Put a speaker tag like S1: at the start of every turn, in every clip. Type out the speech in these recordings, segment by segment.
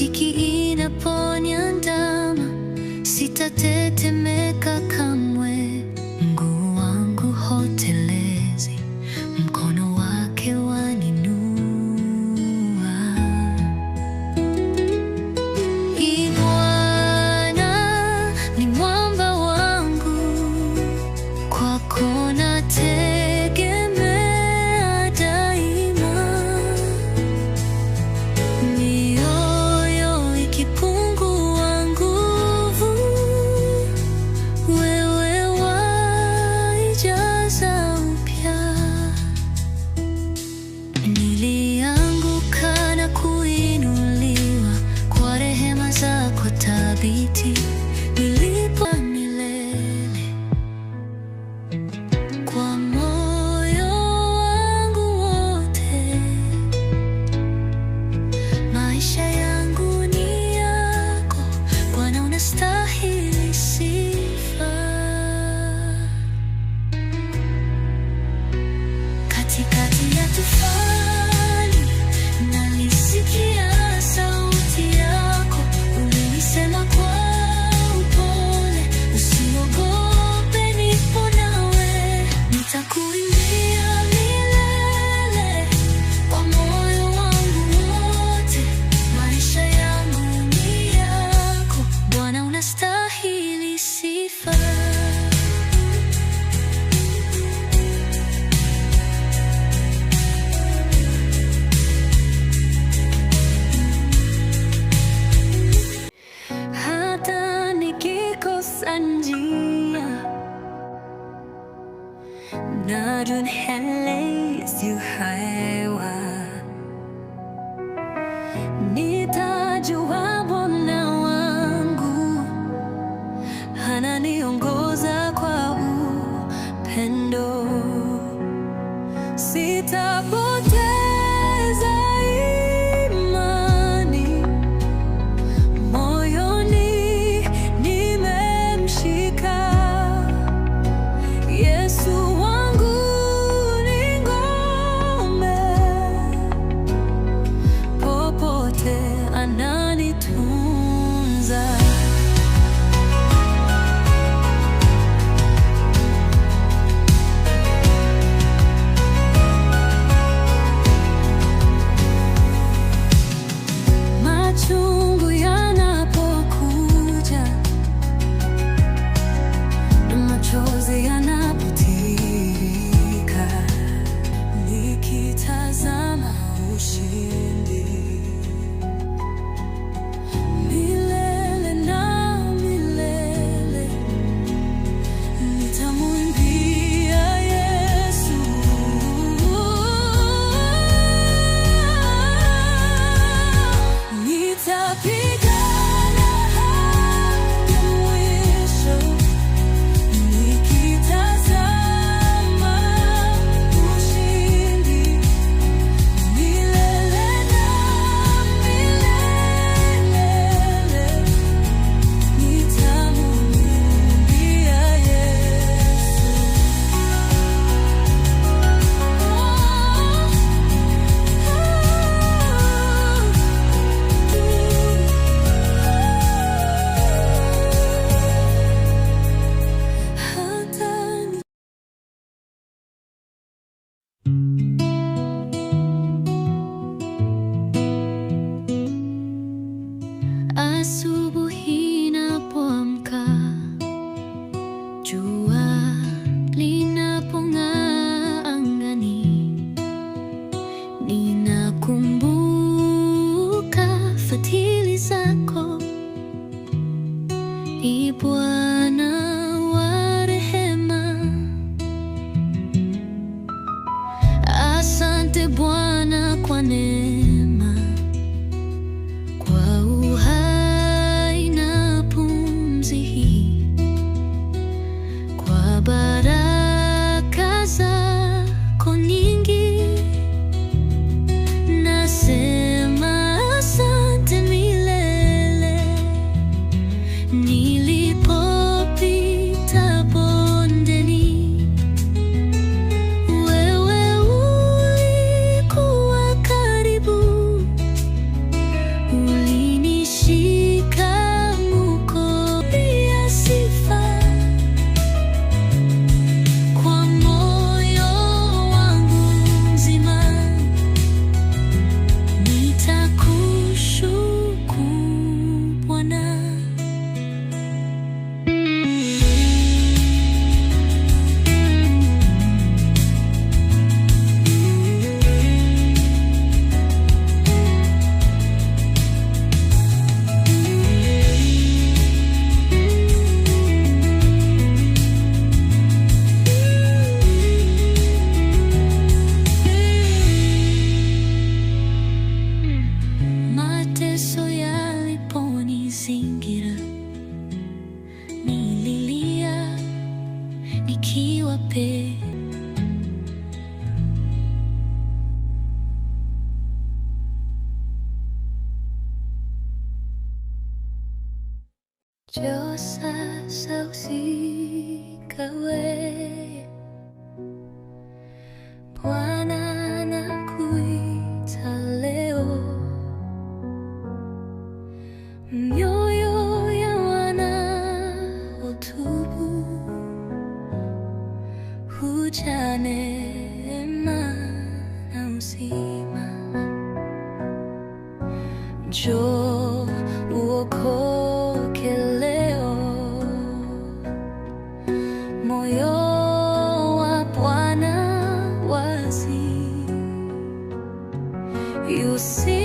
S1: dhiki inaponya ndama, sitatetemeka. Yo sasausi kawe Bwana nakuita leo Mioyo ya wanaotubu hujane Eu sei.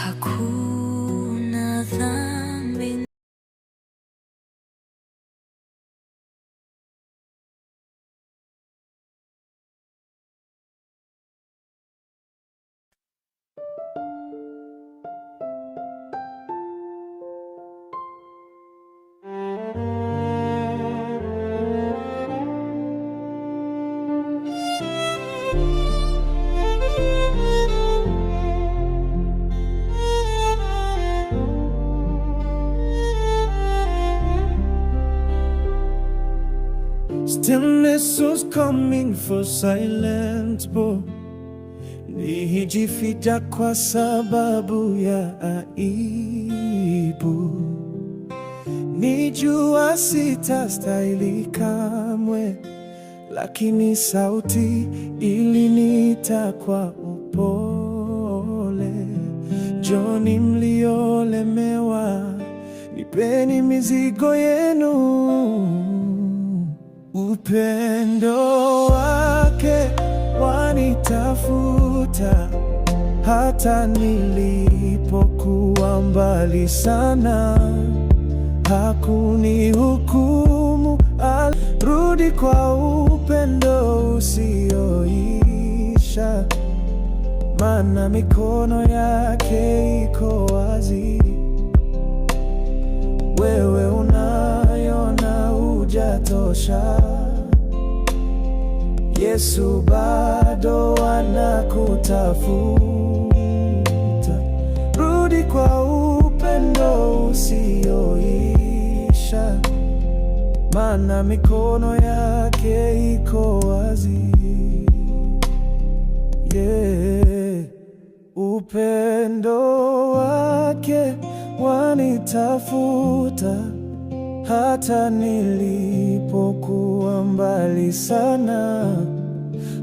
S1: 他哭。
S2: coming for silent bo. Nilijificha kwa sababu ya aibu, nijua sitastahili kamwe, lakini sauti iliniita kwa upole, joni mliolemewa, nipeni mizigo yenu Upendo wake wanitafuta hata nilipokuwa mbali sana, hakunihukumu. Alirudi kwa upendo usioisha, maana mikono yake iko wazi. Wewe inatosha. Yesu bado anakutafuta, rudi kwa upendo usioisha, maana mikono yake iko wazi. Yeah, upendo wake wanitafuta hata nilipokuwa mbali sana,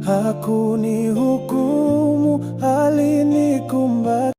S2: hakunihukumu, alinikumbatia.